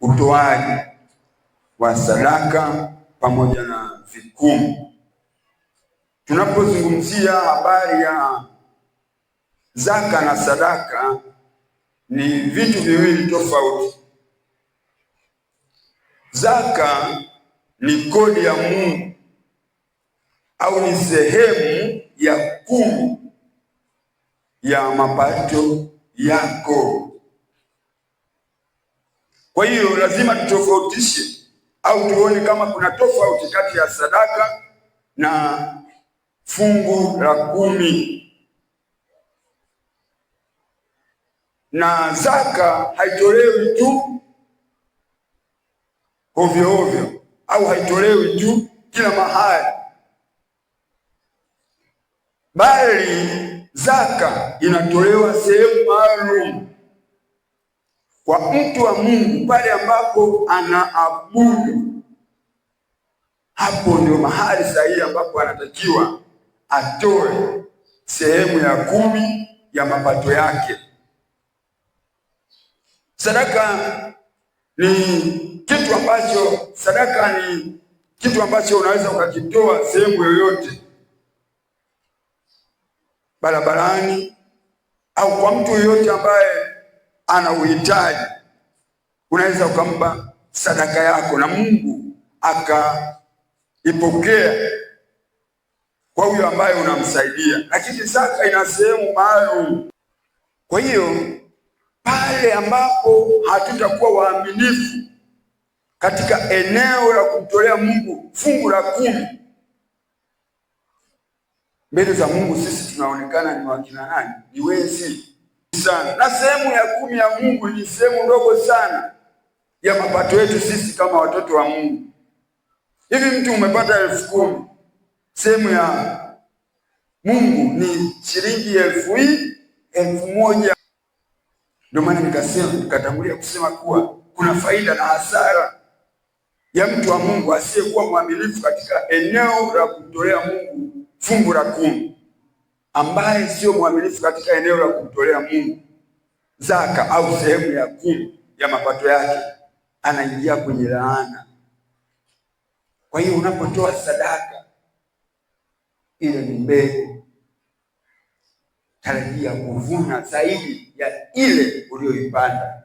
utoaji wa sadaka pamoja na vikumu. Tunapozungumzia habari ya zaka na sadaka, ni vitu viwili tofauti. Zaka ni kodi ya Mungu au ni sehemu ya kumi ya mapato yako. Kwa hiyo lazima tutofautishe au tuone kama kuna tofauti kati ya sadaka na fungu la kumi. Na zaka haitolewi tu ovyo ovyo, au haitolewi tu kila mahali, bali zaka inatolewa sehemu maalum kwa mtu wa Mungu pale ambapo anaabudu, hapo ndio mahali sahihi ambapo anatakiwa atoe sehemu ya kumi ya mapato yake. Sadaka ni kitu ambacho, sadaka ni kitu ambacho unaweza ukakitoa sehemu yoyote, barabarani au kwa mtu yoyote ambaye ana uhitaji, unaweza ukampa sadaka yako na Mungu akaipokea kwa huyo ambaye unamsaidia, lakini saka ina sehemu maalum. Kwa hiyo pale ambapo hatutakuwa waaminifu katika eneo la kumtolea Mungu fungu la kumi mbele za Mungu, sisi tunaonekana ni wakina nani? Ni wezi sana, na sehemu ya kumi ya Mungu ni sehemu ndogo sana ya mapato yetu sisi kama watoto wa Mungu. Hivi mtu umepata elfu kumi, sehemu ya Mungu ni shilingi elfu hii elfu moja. Ndio maana nikasema, nikatangulia kusema kuwa kuna faida na hasara ya mtu wa Mungu asiyekuwa mwaminifu katika eneo la kumtolea Mungu fungu la kumi, ambaye sio mwaminifu katika eneo la kumtolea Mungu zaka au sehemu ya kumi ya mapato yake, anaingia kwenye laana. Kwa hiyo unapotoa sadaka, ile ni mbegu, tarajia kuvuna zaidi ya ile uliyoipanda.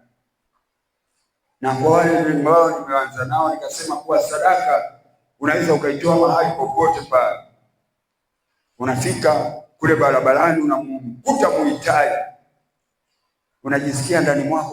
Na kwa wale ambao nimeanza nao nikasema kuwa sadaka unaweza ukaitoa mahali popote pale. Unafika kule barabarani, unamkuta muhitaji unajisikia ndani mwako